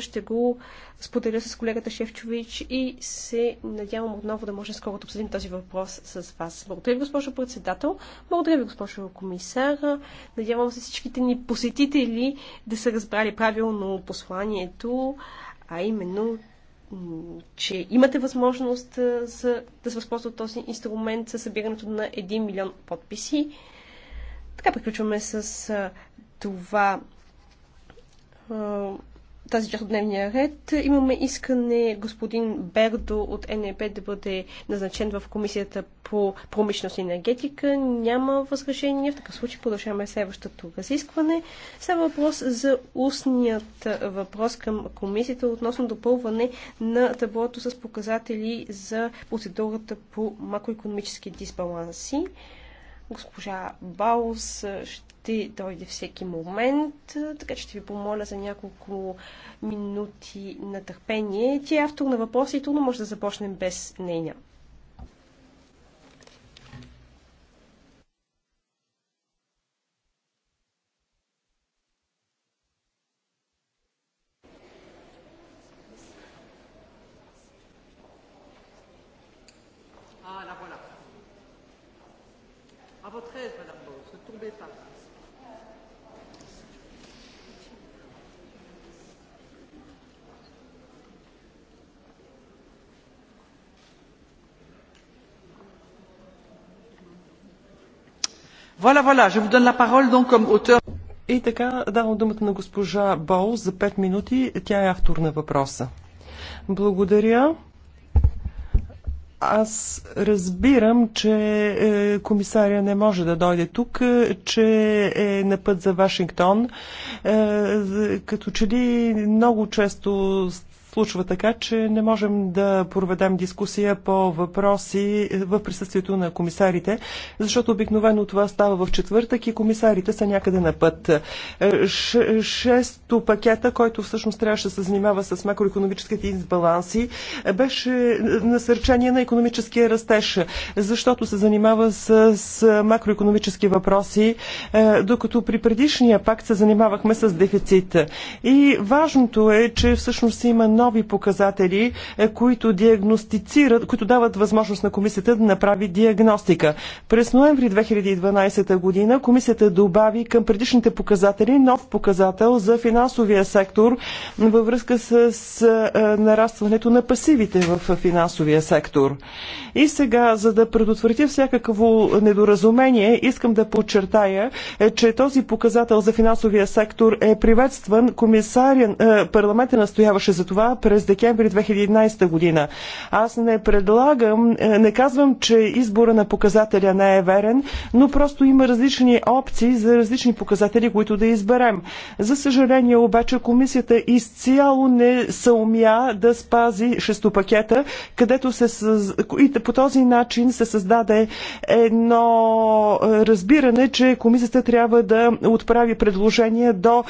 ще го споделя с колегата Шефчович и се надявам отново да може скоро да обсъдим този въпрос с вас. Благодаря ви, госпожо председател. Благодаря ви, госпожо комисар. Надявам се всичките ни посетители да са разбрали правилно посланието, а именно че имате възможност за, да се възползват този инструмент със събирането на 1 милион подписи. Така приключваме с това тази част от дневния ред. Имаме искане господин Бердо от НЕП да бъде назначен в Комисията по промишленост и енергетика. Няма възражение. В такъв случай продължаваме следващото разискване. Става въпрос за устният въпрос към Комисията относно допълване на таблото с показатели за процедурата по макроекономически дисбаланси. Госпожа Баус ще дойде всеки момент, така че ще ви помоля за няколко минути на търпение. Тя е автор на въпросите, но може да започнем без нея. Voilà, voilà, je vous donne la parole donc comme auteur. И така давам думата на госпожа Бол за 5 минути. Тя е автор на въпроса. Благодаря. Аз разбирам, че е, комисаря не може да дойде тук, е, че е на път за Вашингтон. Е, като че ли много често случва така, че не можем да проведем дискусия по въпроси е, в присъствието на комисарите, защото обикновено това става в четвъртък и комисарите са някъде на път. Е, ш- шесто пакета, който всъщност трябваше да се занимава с макроекономическите избаланси, беше насърчение на економическия растеж, защото се занимава с, с макроекономически въпроси, е, докато при предишния пакт се занимавахме с дефицит. И важното е, че всъщност има нов нови показатели, е, които диагностицират, които дават възможност на комисията да направи диагностика. През ноември 2012 година комисията добави към предишните показатели нов показател за финансовия сектор във връзка с е, нарастването на пасивите в финансовия сектор. И сега, за да предотвратя всякакво недоразумение, искам да подчертая, е, че този показател за финансовия сектор е приветстван. Комисарен, парламента настояваше за това, през декември 2011 година. Аз не предлагам, е, не казвам, че избора на показателя не е верен, но просто има различни опции за различни показатели, които да изберем. За съжаление обаче комисията изцяло не съумя да спази шестопакета, където се и по този начин се създаде едно е, разбиране, че комисията трябва да отправи предложение до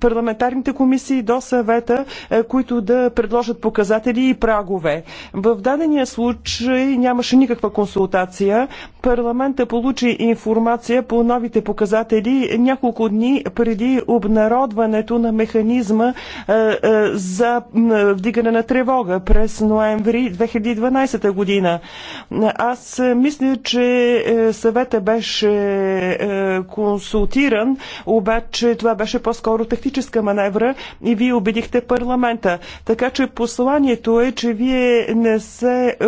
парламентарните комисии до съвета, е, които да предложат показатели и прагове. В дадения случай нямаше никаква консултация. Парламента получи информация по новите показатели няколко дни преди обнародването на механизма е, е, за вдигане на тревога през ноември 2012 година. Аз мисля, че съвета беше консултиран, обаче това беше по-скоро тактическа маневра и вие убедихте парламента. Така че посланието е, че вие не се е,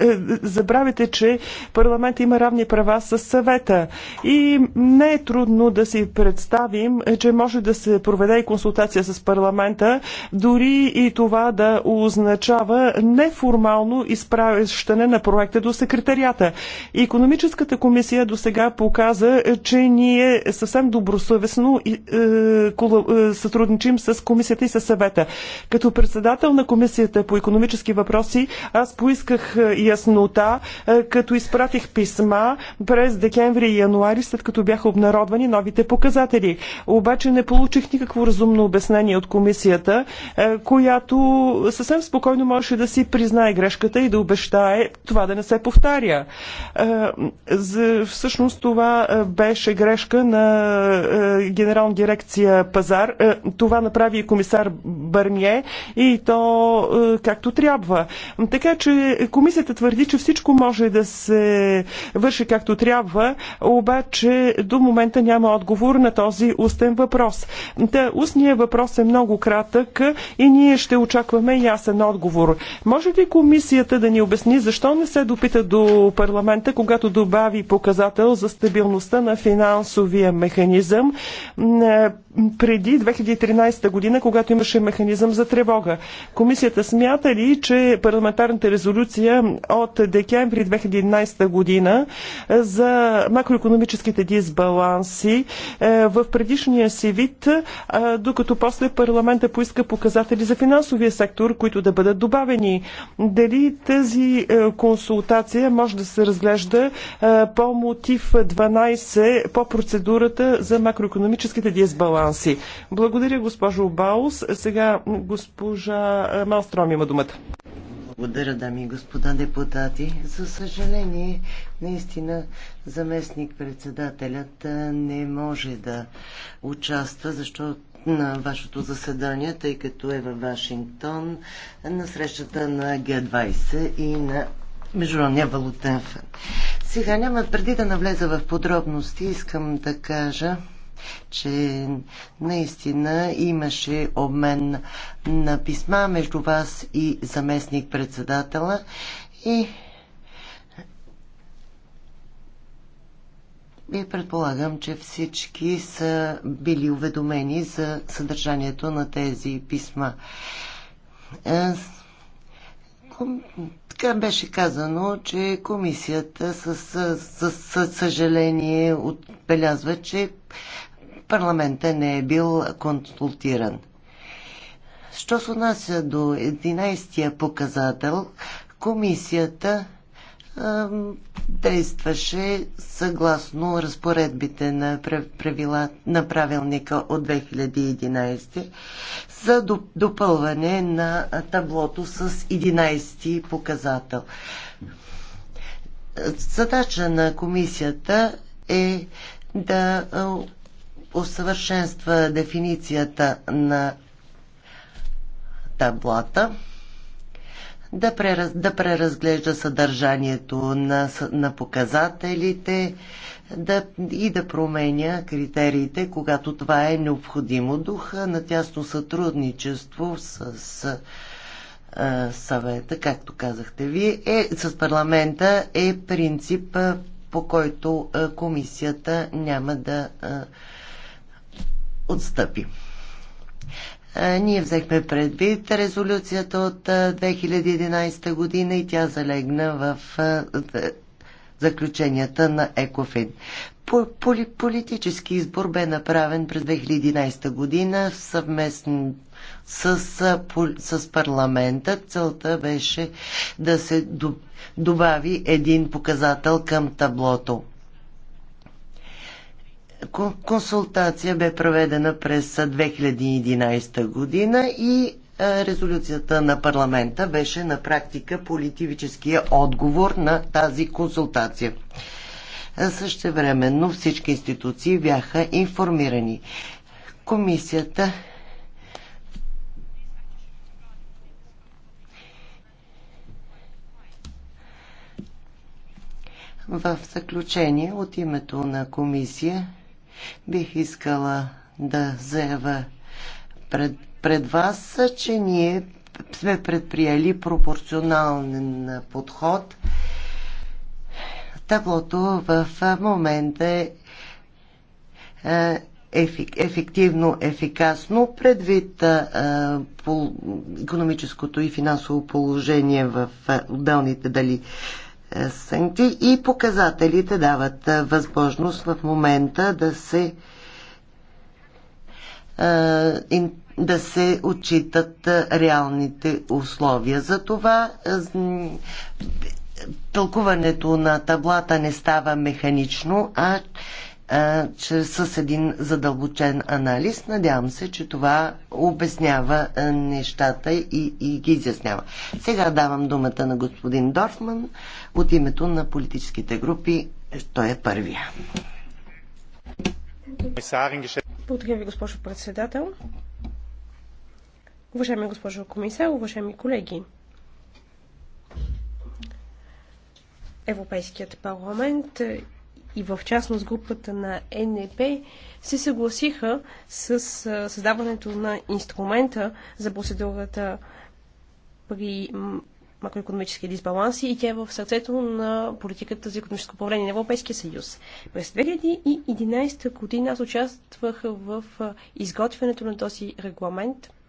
е, забравяте, че парламент има равни права с съвета. И не е трудно да си представим, е, че може да се проведе и консултация с парламента, дори и това да означава неформално изправящане на проекта до секретарията. Економическата комисия до сега показа, е, че ние съвсем добросъвестно сътрудничим с комисията и с съвета. Като председател на комисията по економически въпроси, аз поисках яснота, е, като изпратих писма през декември и януари, след като бяха обнародвани новите показатели. Обаче не получих никакво разумно обяснение от комисията, е, която съвсем спокойно можеше да си признае грешката и да обещае това да не се повтаря. Е, всъщност това беше грешка на генерална дирекция пазар. Това направи и комисар Бърние и то както трябва. Така че комисията Комисията твърди, че всичко може да се върши както трябва, обаче до момента няма отговор на този устен въпрос. Та, устният въпрос е много кратък и ние ще очакваме ясен отговор. Може ли комисията да ни обясни защо не се допита до парламента, когато добави показател за стабилността на финансовия механизъм? преди 2013 година, когато имаше механизъм за тревога. Комисията смята ли, че парламентарната резолюция от декември 2011 година е, за макроекономическите дисбаланси е, в предишния си вид, е, докато после парламента поиска показатели за финансовия сектор, които да бъдат добавени. Дали тази консултация може да се разглежда по мотив 12 по процедурата за макроекономическите дисбаланси? баланси. Благодаря, госпожо Баус. Сега госпожа Малстром има думата. Благодаря, дами и господа депутати. За съжаление, наистина заместник-председателят не може да участва, защото на вашето заседание, тъй като е във Вашингтон, на срещата на Г-20 и на Международния валутен фонд. Сега няма преди да навлеза в подробности, искам да кажа, че наистина имаше обмен на писма между вас и заместник председателя и И предполагам, че всички са били уведомени за съдържанието на тези писма. Е, така беше казано, че комисията със съжаление отбелязва, че парламента не е бил консултиран. Що се отнася до 11-тия показател, комисията действаше съгласно разпоредбите на, правила, на правилника от 2011 за допълване на таблото с 11 ти показател. Задача на комисията е да усъвършенства дефиницията на таблата, да, прераз, да преразглежда съдържанието на, на показателите да, и да променя критериите, когато това е необходимо. Духа на тясно сътрудничество с, с съвета, както казахте ви, е, с парламента е принцип, по който комисията няма да отстъпи. Ние взехме предвид резолюцията от 2011 година и тя залегна в заключенията на Екофин. Политически избор бе направен през 2011 година съвместно с, с парламента. Целта беше да се добави един показател към таблото. Консултация бе проведена през 2011 година и резолюцията на парламента беше на практика политическия отговор на тази консултация. Същевременно всички институции бяха информирани. Комисията в заключение от името на комисия Бих искала да заявя пред, пред вас, че ние сме предприели пропорционален подход. Таблото в момента е, е ефективно, ефикасно, предвид а, е, по економическото и финансово положение в е, отделните дали е, санкции и показателите дават е, възможност в момента да се е, да се отчитат реалните условия. За това тълкуването на таблата не става механично, а чрез, с един задълбочен анализ. Надявам се, че това обяснява нещата и, и ги изяснява. Сега давам думата на господин Дорфман от името на политическите групи. Той е първия. Благодаря ви, госпожо председател. Уважаеми госпожо комисар, уважаеми колеги. Европейският парламент и в частност групата на НЕП се съгласиха с създаването на инструмента за процедурата при макроекономически дисбаланси и тя е в сърцето на политиката за економическо управление на Европейския съюз. През 2011 година аз участвах в изготвянето на този регламент –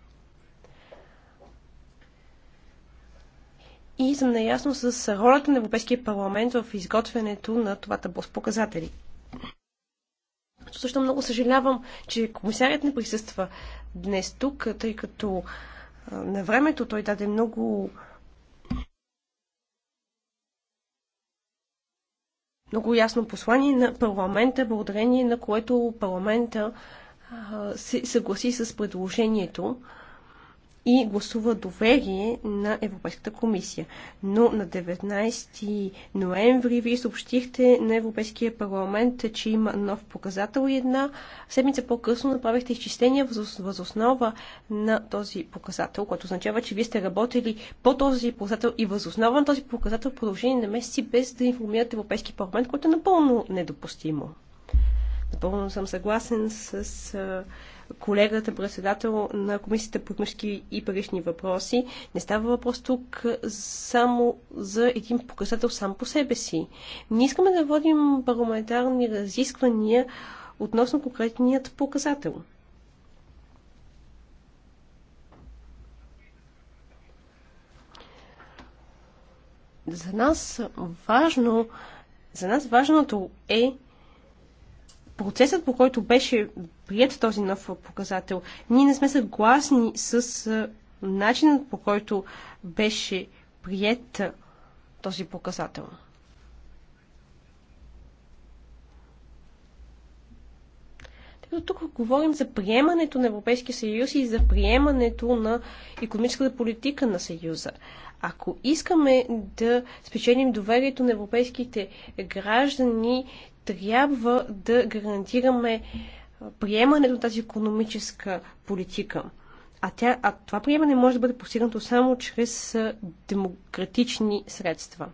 и съм наясно с ролята на Европейския парламент в изготвянето на това табло с показатели. Също много съжалявам, че комисарят не присъства днес тук, тъй като на времето той даде много много ясно послание на парламента, благодарение на което парламента се съгласи с предложението и гласува доверие на Европейската комисия. Но на 19 ноември вие съобщихте на Европейския парламент, че има нов показател и една седмица по-късно направихте изчисления възоснова на този показател, което означава, че вие сте работили по този показател и възоснова на този показател в продължение на месеци без да информирате Европейския парламент, което е напълно недопустимо. Напълно съм съгласен с колегата председател на Комисията по мъжки и парични въпроси. Не става въпрос тук само за един показател сам по себе си. Ние искаме да водим парламентарни разисквания относно конкретният показател. За нас важно за нас важното е процесът, по който беше прият този нов показател, ние не сме съгласни с начинът, по който беше прият този показател. Но тук говорим за приемането на Европейския съюз и за приемането на економическата политика на съюза. Ако искаме да спечелим доверието на европейските граждани, трябва да гарантираме приемането на тази економическа политика. А, тя, а това приемане може да бъде постигнато само чрез демократични средства.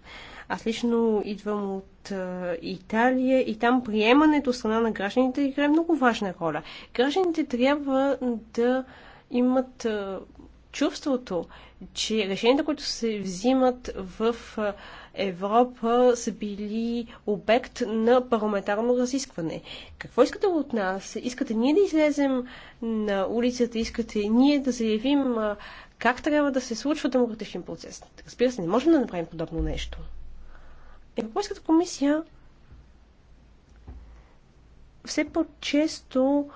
Аз лично идвам от а, Италия и там приемането страна на гражданите играе много важна роля. Гражданите трябва да имат а, чувството, че решенията, които се взимат в Европа, са били обект на парламентарно разискване. Какво искате от нас? Искате ние да излезем на улицата? Искате ние да заявим как трябва да се случва демократичен процес? Разбира се, не можем да направим подобно нещо. Европейската комисия все по-често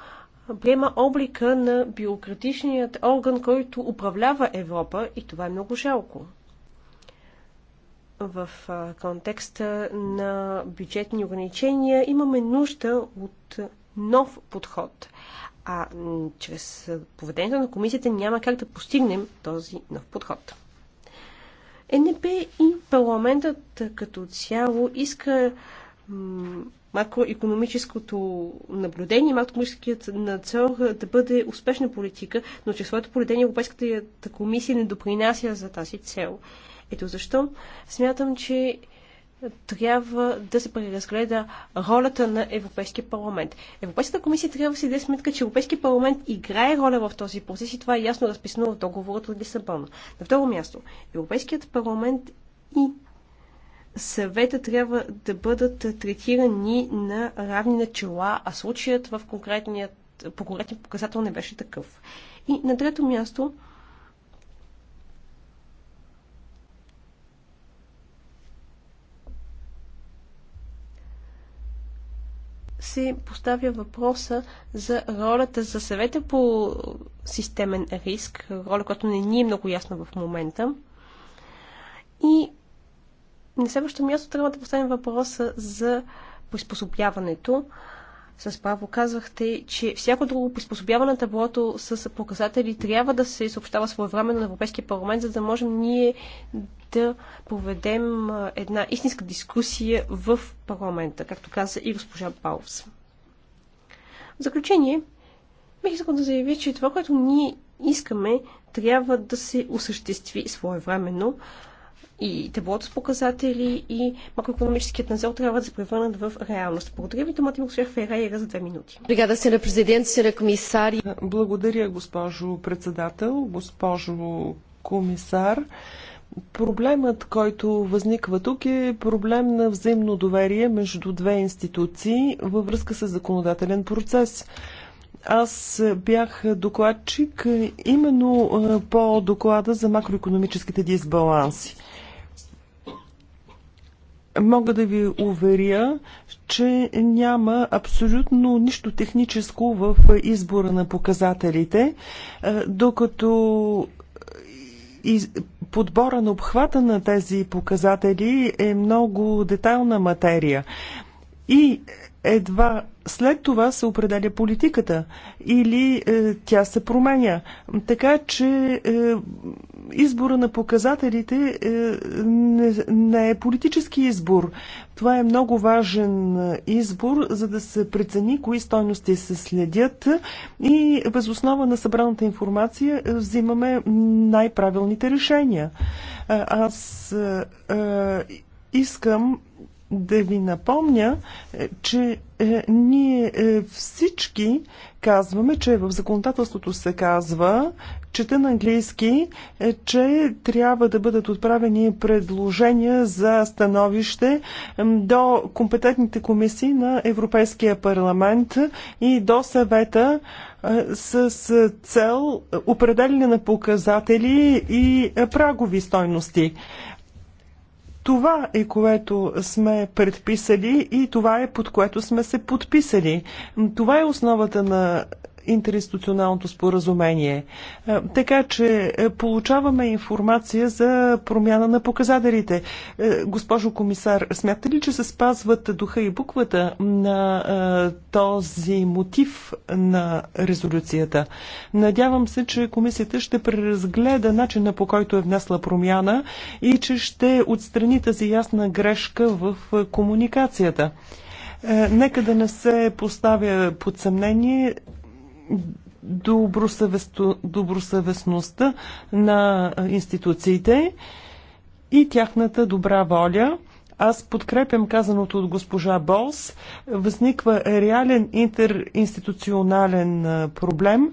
приема облика на бюрократичният орган, който управлява Европа и това е много жалко. В контекста на бюджетни ограничения имаме нужда от нов подход, а чрез поведението на комисията няма как да постигнем този нов подход. Е, НП и парламентът като цяло иска макроекономическото наблюдение, макроекономическият надзор да бъде успешна политика, но че своето поведение Европейската комисия не допринася за тази цел. Ето защо смятам, че трябва да се преразгледа ролята на Европейския парламент. Европейската комисия трябва да си даде сметка, че Европейския парламент играе роля в този процес и това е ясно разписано в договорът от Лисабон. На второ място, Европейският парламент и съвета трябва да бъдат третирани на равни начала, а случаят в конкретният, по конкретния показател не беше такъв. И на трето място се поставя въпроса за ролята за съвета по системен риск, роля, която не ни е много ясна в момента. И на следващо място трябва да поставим въпроса за приспособяването. С право казвахте, че всяко друго приспособяване на таблото с показатели трябва да се съобщава своевременно на Европейския парламент, за да можем ние да проведем една истинска дискусия в парламента, както каза и госпожа Баувс. В заключение, бих искал да заявя, че това, което ние искаме, трябва да се осъществи своевременно, и таблото с показатели и макроекономическият надзор трябва да се превърнат в реалност. Благодаря ви, Томати ми госпожа Ферейра за две минути. Бригада се на президент, се на комисари. Благодаря, госпожо председател, госпожо комисар. Проблемът, който възниква тук е проблем на взаимно доверие между две институции във връзка с законодателен процес. Аз бях докладчик именно по доклада за макроекономическите дисбаланси. Мога да ви уверя, че няма абсолютно нищо техническо в избора на показателите, е, докато подбора на обхвата на тези показатели е много детайлна материя. И едва след това се определя политиката или е, тя се променя. Така че е, избора на показателите е, не, не е политически избор. Това е много важен е, избор, за да се прецени кои стойности се следят и възоснова на събраната информация е, взимаме най-правилните решения. Аз искам да ви напомня, че е, ние е, всички казваме, че в законодателството се казва, чета на английски, е, че трябва да бъдат отправени предложения за становище до компетентните комисии на Европейския парламент и до съвета е, с е, цел определене на показатели и е, прагови стойности. Това е което сме предписали и това е под което сме се подписали. Това е основата на интеринституционалното споразумение. Е, така че е, получаваме информация за промяна на показателите. Е, госпожо комисар, смятате ли, че се спазват духа и буквата на този мотив на резолюцията? Надявам се, че комисията ще преразгледа начина по който е внесла промяна и че ще отстрани тази ясна грешка в комуникацията. Нека да не се поставя под съмнение добросъвестността на институциите и тяхната добра воля. Аз подкрепям казаното от госпожа Болс. Възниква реален интеринституционален проблем.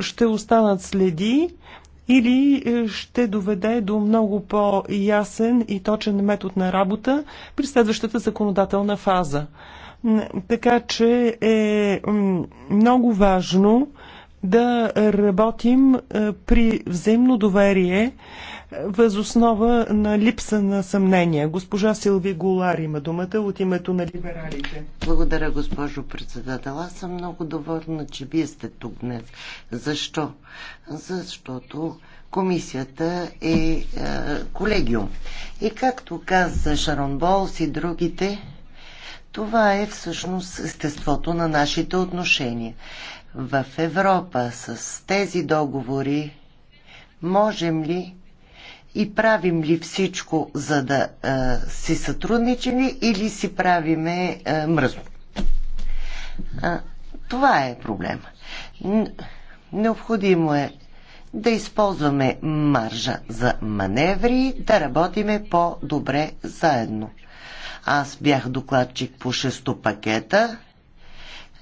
Ще останат следи или ще доведе до много по-ясен и точен метод на работа при следващата законодателна фаза. Така че е много важно да работим е, при взаимно доверие е, възоснова на липса на съмнение. Госпожа Силви Голар има думата от името на либералите. Благодаря, госпожо председател. Аз съм много доволна, че вие сте тук днес. Защо? Защото комисията е, е колегиум. И както каза Шарон Болс и другите, това е всъщност естеството на нашите отношения. В Европа с тези договори можем ли и правим ли всичко, за да а, си сътрудничим или си правиме а, мръсно? А, това е проблема. Необходимо е да използваме маржа за маневри, да работиме по-добре заедно. Аз бях докладчик по шесто пакета.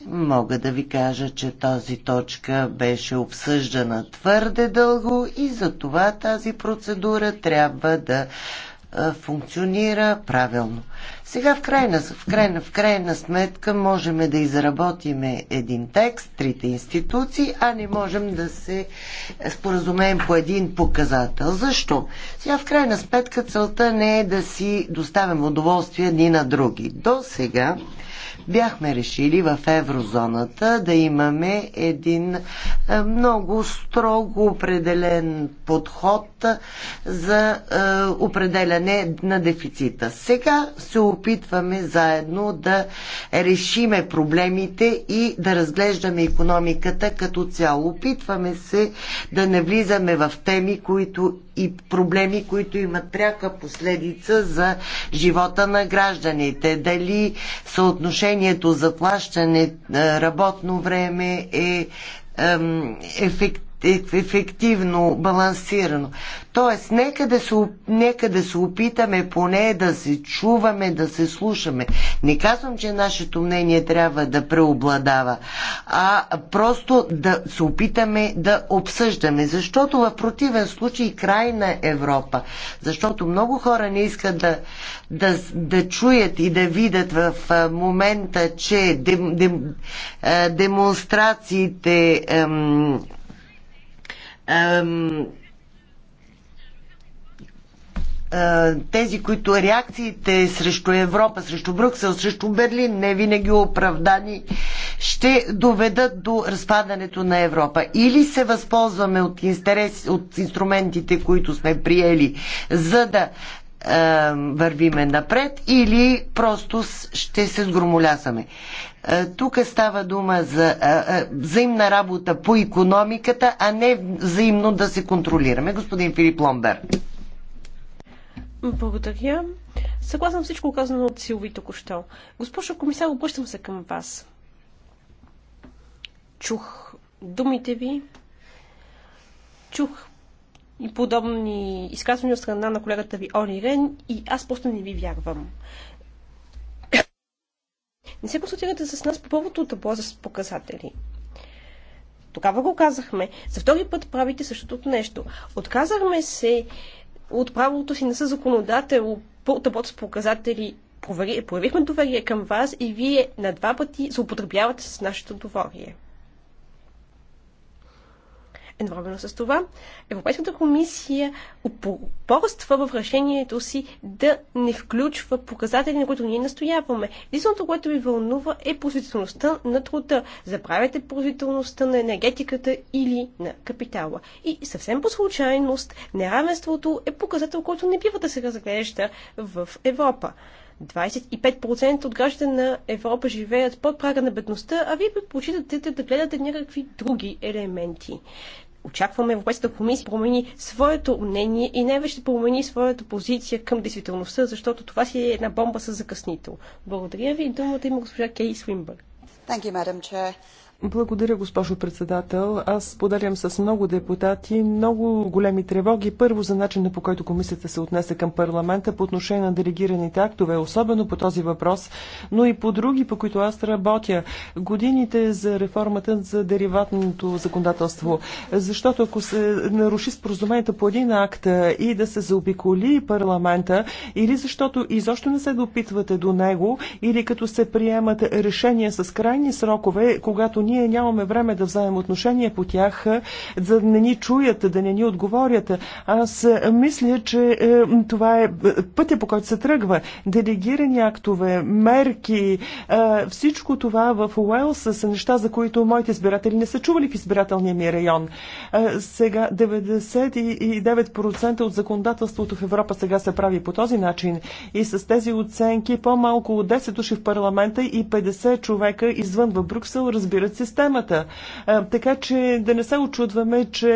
Мога да ви кажа, че тази точка беше обсъждана твърде дълго и за това тази процедура трябва да функционира правилно. Сега в крайна, в крайна, в крайна сметка можем да изработиме един текст, трите институции, а не можем да се споразумеем по един показател. Защо? Сега в крайна сметка целта не е да си доставим удоволствие ни на други. До сега бяхме решили в еврозоната да имаме един е, много строго определен подход за е, определяне на дефицита. Сега се опитваме заедно да решиме проблемите и да разглеждаме економиката като цяло. Опитваме се да не влизаме в теми, които и проблеми, които имат пряка последица за живота на гражданите. Дали съотношението за плащане работно време е ефективно ефективно, балансирано. Тоест, нека да, се, нека да се опитаме поне да се чуваме, да се слушаме. Не казвам, че нашето мнение трябва да преобладава, а просто да се опитаме да обсъждаме, защото в противен случай край на Европа, защото много хора не искат да, да, да чуят и да видят в момента, че дем, дем, демонстрациите ем, тези, които реакциите срещу Европа, срещу Брюксел, срещу Берлин, не винаги оправдани, ще доведат до разпадането на Европа. Или се възползваме от, интерес, от инструментите, които сме приели, за да вървиме напред или просто ще се сгромолясаме. Тук става дума за взаимна работа по економиката, а не взаимно да се контролираме. Господин Филип Ломбер. Благодаря. Съгласна всичко казано от Силви току-що. Госпожо комисар, обръщам се към вас. Чух думите ви, чух и подобни изказвания от страна на колегата ви Они Рен и аз просто не ви вярвам. Не се консултирате с нас по първото табло за показатели. Тогава го казахме. За втори път правите същото нещо. Отказахме се от правото си на съзаконодател по таблото с показатели. Провери, проявихме доверие към вас и вие на два пъти злоупотребявате с нашето доверие. Едновременно с това, Европейската комисия упорства в решението си да не включва показатели, на които ние настояваме. Единственото, което ви вълнува е производителността на труда. Забравяйте производителността на енергетиката или на капитала. И съвсем по случайност, неравенството е показател, който не бива да се разглежда в Европа. 25% от гражданите на Европа живеят под прага на бедността, а вие предпочитате да гледате някакви други елементи очакваме Европейската комисия да промени своето мнение и не вече да промени своята позиция към действителността, защото това си е една бомба с закъснител. Благодаря ви. Думата има госпожа Кей Свинбър. Благодаря, госпожо председател. Аз поделям с много депутати много големи тревоги. Първо за начина по който комисията се отнесе към парламента по отношение на делегираните актове, особено по този въпрос, но и по други, по които аз работя. Годините за реформата за дериватното законодателство. Защото ако се наруши споразумението по един акт и да се заобиколи парламента, или защото изобщо не се допитвате до него, или като се приемат решения с крайни срокове, когато ние нямаме време да вземем отношение по тях, за е, да не ни чуят, да не ни отговорят. Аз мисля, че е, това е, е пътя по който се тръгва. Делегирани актове, мерки, всичко това в Уелс са неща, за които моите избиратели не са чували в избирателния ми район. Сега 99% от законодателството в Европа сега се прави по този начин и с тези оценки по-малко от 10 души в парламента и 50 човека извън в Брюксел разбират системата. Така че да не се очудваме, че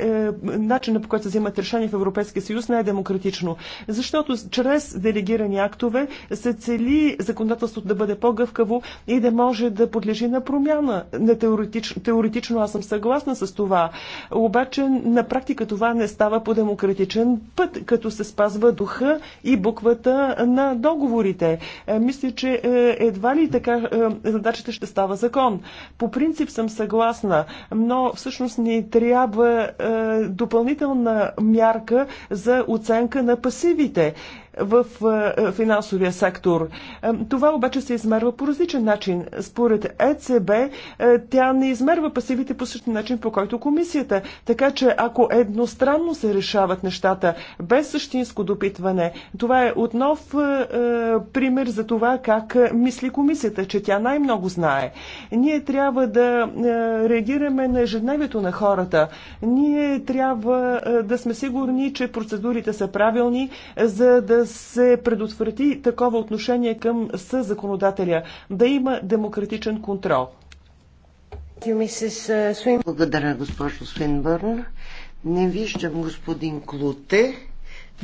е, начинът по който се взимат решения в Европейския съюз не е демократично. Защото чрез делегирани актове се цели законодателството да бъде по-гъвкаво и да може да подлежи на промяна. На теоретично, теоретично аз съм съгласна с това. Обаче на практика това не става по демократичен път, като се спазва духа и буквата на договорите. Е, мисля, че е, едва ли така задачата ще става закон. По по принцип съм съгласна, но всъщност ни трябва е, допълнителна мярка за оценка на пасивите в е, финансовия сектор. Е, това обаче се измерва по различен начин. Според ЕЦБ е, тя не измерва пасивите по същия начин, по който комисията. Така че ако едностранно се решават нещата без същинско допитване, това е отнов пример за това как мисли комисията, че тя най-много знае. Ние трябва да реагираме на ежедневието на хората. Ние трябва да сме сигурни, че процедурите са правилни, за да се предотврати такова отношение към съзаконодателя, да има демократичен контрол. Благодаря, госпожо Свинбърн. Не виждам господин Клуте.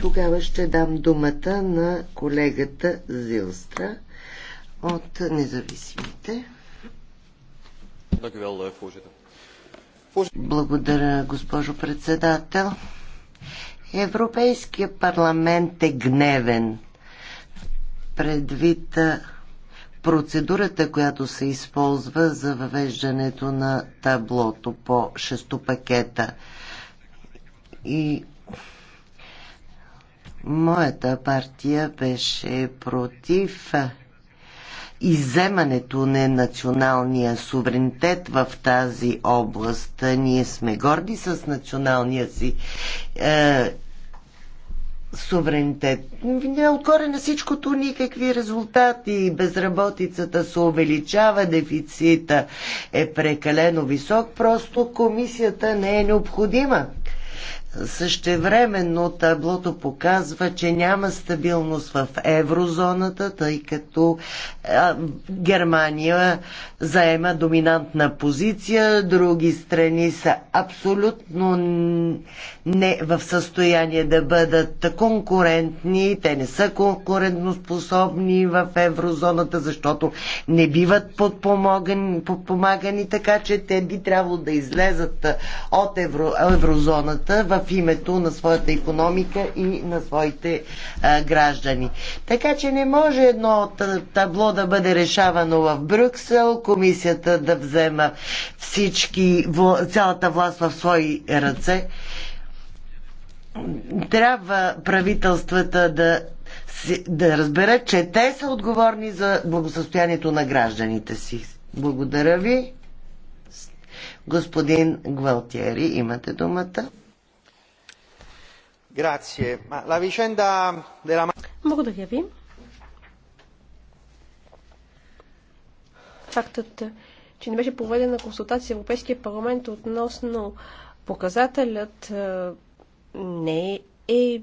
Тогава ще дам думата на колегата Зилстра от независимите. Е, Благодаря, госпожо председател. Европейския парламент е гневен предвид процедурата, която се използва за въвеждането на таблото по шестопакета. И моята партия беше против иземането на националния суверенитет в тази област. Ние сме горди с националния си е, суверенитет. Отгоре на всичкото никакви резултати. Безработицата се увеличава, дефицита е прекалено висок, просто комисията не е необходима. Същевременно таблото показва, че няма стабилност в еврозоната, тъй като Германия заема доминантна позиция, други страни са абсолютно не в състояние да бъдат конкурентни, те не са конкурентоспособни в еврозоната, защото не биват подпомагани, подпомагани така че те би трябвало да излезат от евро, еврозоната в в името на своята економика и на своите а, граждани. Така че не може едно табло да бъде решавано в Брюксел, комисията да взема всички, цялата власт в свои ръце. Трябва правителствата да да разберат, че те са отговорни за благосъстоянието на гражданите си. Благодаря ви. Господин Гвалтиери, имате думата. Благодаря ви. Фактът, че не беше проведена консултация в Европейския парламент относно показателят е, не е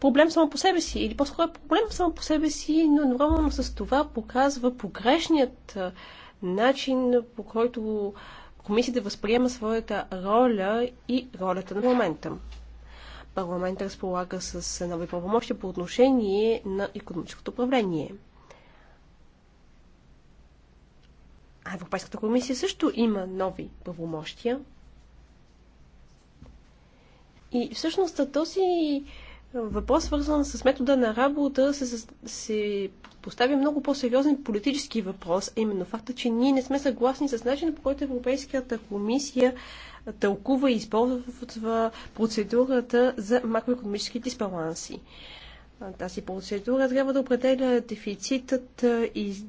проблем само по себе си, или по-скоро е проблем само по себе си, но едновременно с това показва погрешният е, начин, по който комисията възприема своята роля и ролята на момента парламент разполага с нови правомощи по отношение на економическото управление. А Европейската комисия също има нови правомощия. И всъщност този въпрос, свързан с метода на работа, се, се поставя много по-сериозен политически въпрос, а именно факта, че ние не сме съгласни с начина по който Европейската комисия тълкува и използва процедурата за макроекономически дисбаланси. Тази процедура трябва да определя дефицитът и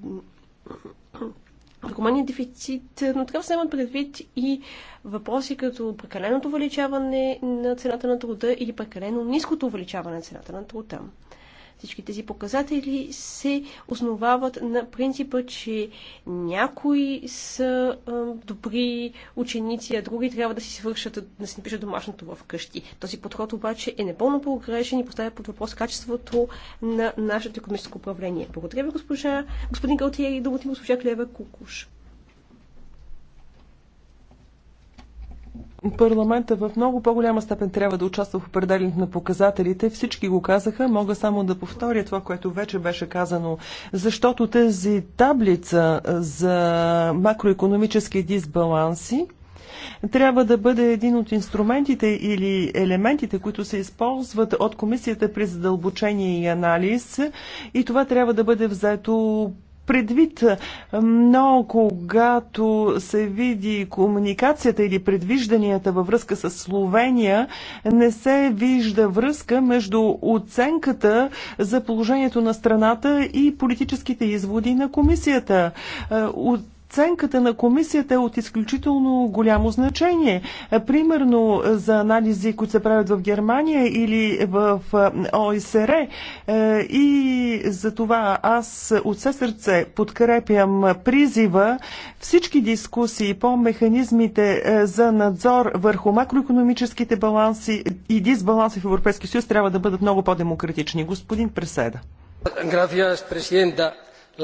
Рекомендният дефицит, но трябва да се имат предвид и въпроси като прекаленото увеличаване на цената на труда или прекалено ниското увеличаване на цената на труда. Всички тези показатели се основават на принципа, че някои са добри ученици, а други трябва да си свършат, да си напишат домашното вкъщи. Този подход обаче е непълно погрешен и поставя под въпрос качеството на нашето економическо управление. Благодаря ви, госпожа, господин Галтиери, думата госпожа Клева Кукуш. Парламента в много по-голяма степен трябва да участва в определенето на показателите. Всички го казаха. Мога само да повторя това, което вече беше казано. Защото тази таблица за макроекономически дисбаланси трябва да бъде един от инструментите или елементите, които се използват от комисията при задълбочение и анализ и това трябва да бъде взето предвид, но когато се види комуникацията или предвижданията във връзка с Словения, не се вижда връзка между оценката за положението на страната и политическите изводи на комисията. От Оценката на комисията е от изключително голямо значение. Е, примерно за анализи, които се правят в Германия или в е, ОСР. Е, и за това аз от все сърце подкрепям призива всички дискусии по механизмите за надзор върху макроекономическите баланси и дисбаланси в Европейския съюз трябва да бъдат много по-демократични. Господин Преседа.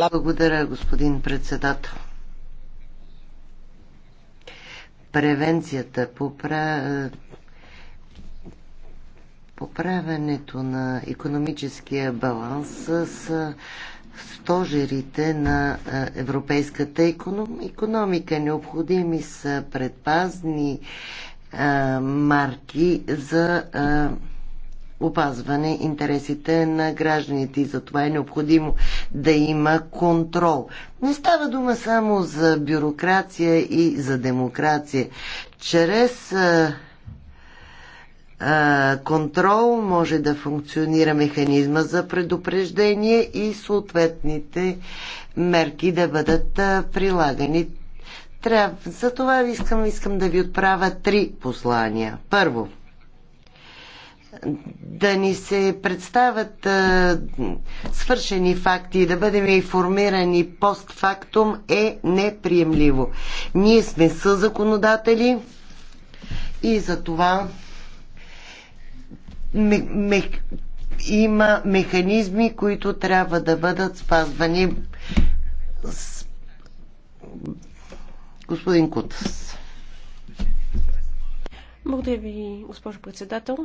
Благодаря, господин председател превенцията, попра... поправенето на економическия баланс с стожерите на европейската економика. Необходими са предпазни марки за опазване интересите на гражданите и затова е необходимо да има контрол. Не става дума само за бюрокрация и за демокрация. Чрез а, а, контрол може да функционира механизма за предупреждение и съответните мерки да бъдат а, прилагани. Трябва. За това искам, искам да ви отправя три послания. Първо – да ни се представят а, свършени факти и да бъдем информирани постфактум е неприемливо. Ние сме съзаконодатели и за това ме, ме, има механизми, които трябва да бъдат спазвани. С... Господин Кутас. Благодаря ви, госпожо председател.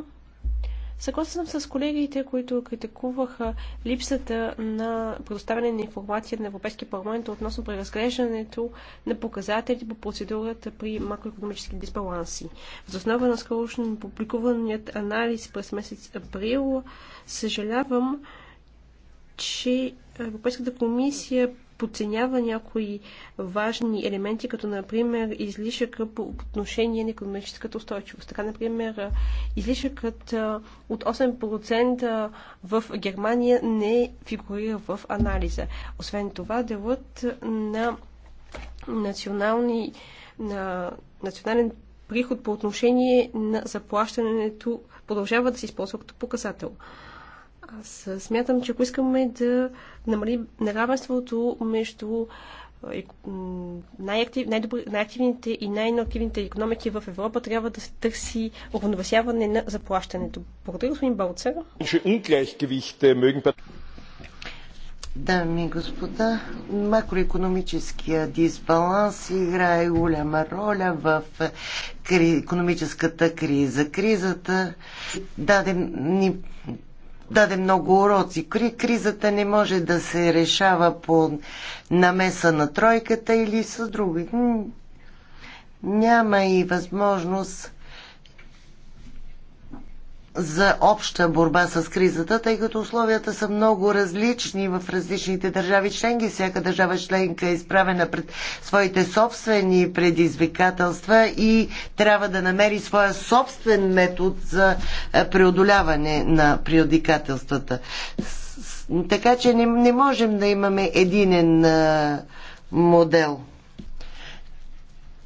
Съгласен съм с колегите, които критикуваха липсата на предоставяне на информация на Европейския парламент относно преразглеждането на показатели по процедурата при макроекономически дисбаланси. В основа на скорошно публикуваният анализ през месец април съжалявам, че Европейската комисия подценява някои важни елементи, като например излишъка по отношение на економическата устойчивост. Така, например, излишъкът от 8% в Германия не фигурира в анализа. Освен това, делът на национални на национален приход по отношение на заплащането продължава да се използва като показател. Аз смятам, че ако искаме да намалим неравенството между е, най най-активните и най-неактивните економики в Европа, трябва да се търси уравновесяване на заплащането. Благодаря, господин Балцер. Дами и господа, макроекономическия дисбаланс играе голяма роля в е, кри... економическата криза. Кризата даде ни даде много уроци. Кризата не може да се решава по намеса на тройката или с други. Няма и възможност за обща борба с кризата, тъй като условията са много различни в различните държави членки. Всяка държава членка е изправена пред своите собствени предизвикателства и трябва да намери своя собствен метод за е, преодоляване на предизвикателствата. Така че не, не можем да имаме единен а, е, модел.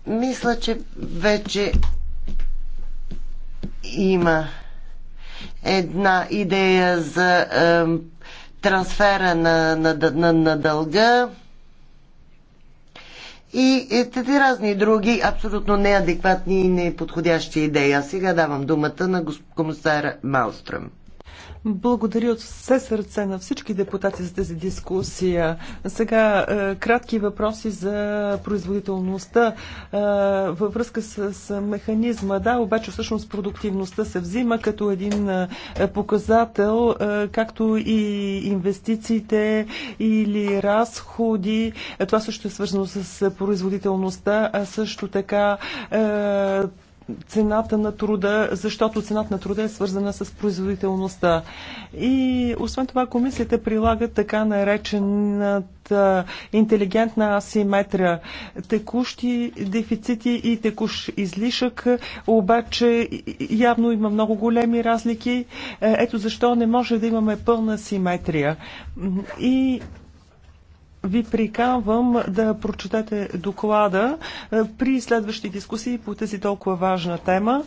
Мисля, че вече има една идея за е, трансфера на, на, на, на дълга и, тези разни други абсолютно неадекватни и неподходящи идеи. А сега давам думата на комисара Малстръм. Благодаря от все сърце на всички депутати за тази дискусия. Сега е, кратки въпроси за производителността е, във връзка с механизма. Да, обаче всъщност продуктивността се взима като един е, показател, както и инвестициите или разходи. Това също е свързано с производителността, а също така цената на труда, защото цената на труда е свързана с производителността. И освен това комисията прилага така наречената интелигентна асиметрия. Текущи дефицити и текущ излишък, обаче явно има много големи разлики. Е, ето защо не може да имаме пълна симетрия. И ви приканвам да прочетете доклада е, при следващи дискусии по тази толкова важна тема.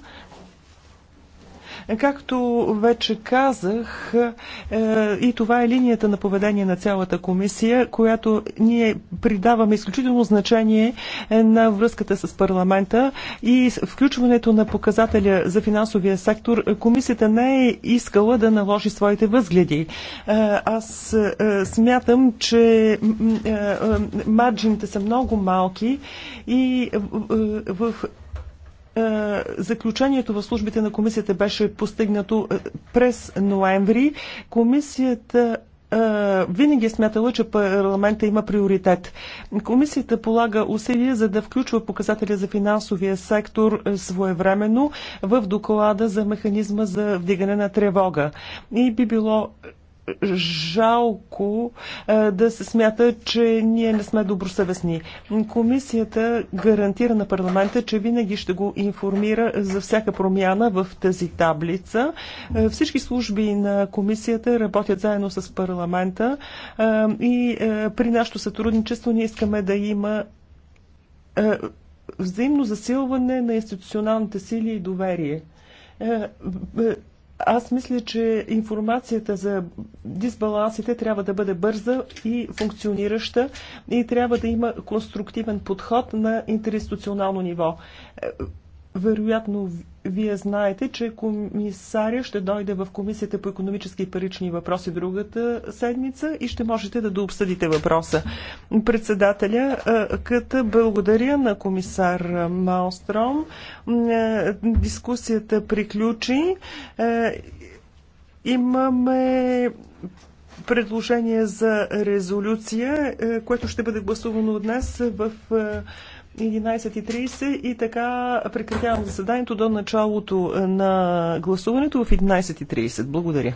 Както вече казах, е, и това е линията на поведение на цялата комисия, която ние придаваме изключително значение е, на връзката с парламента и включването на показателя за финансовия сектор. Комисията не е искала да наложи своите възгледи. Е, аз смятам, че марджините са много малки и в е, заключението в службите на комисията беше постигнато е, през ноември. Комисията е, винаги е смятала, че парламента има приоритет. Комисията полага усилия за да включва показателя за финансовия сектор своевременно в доклада за механизма за вдигане на тревога. И би било жалко да се смята, че ние не сме добросъвестни. Комисията гарантира на парламента, че винаги ще го информира за всяка промяна в тази таблица. Всички служби на комисията работят заедно с парламента и при нашето сътрудничество ние искаме да има взаимно засилване на институционалните сили и доверие аз мисля, че информацията за дисбалансите трябва да бъде бърза и функционираща и трябва да има конструктивен подход на интерституционално ниво. Вероятно, вие знаете, че комисаря ще дойде в Комисията по економически и парични въпроси другата седмица и ще можете да дообсъдите въпроса. Председателя, е, като благодаря на комисар Малстром. Е, дискусията приключи. Е, имаме предложение за резолюция, което ще бъде гласувано днес в 11.30 и така прекратявам заседанието до началото на гласуването в 11.30. Благодаря.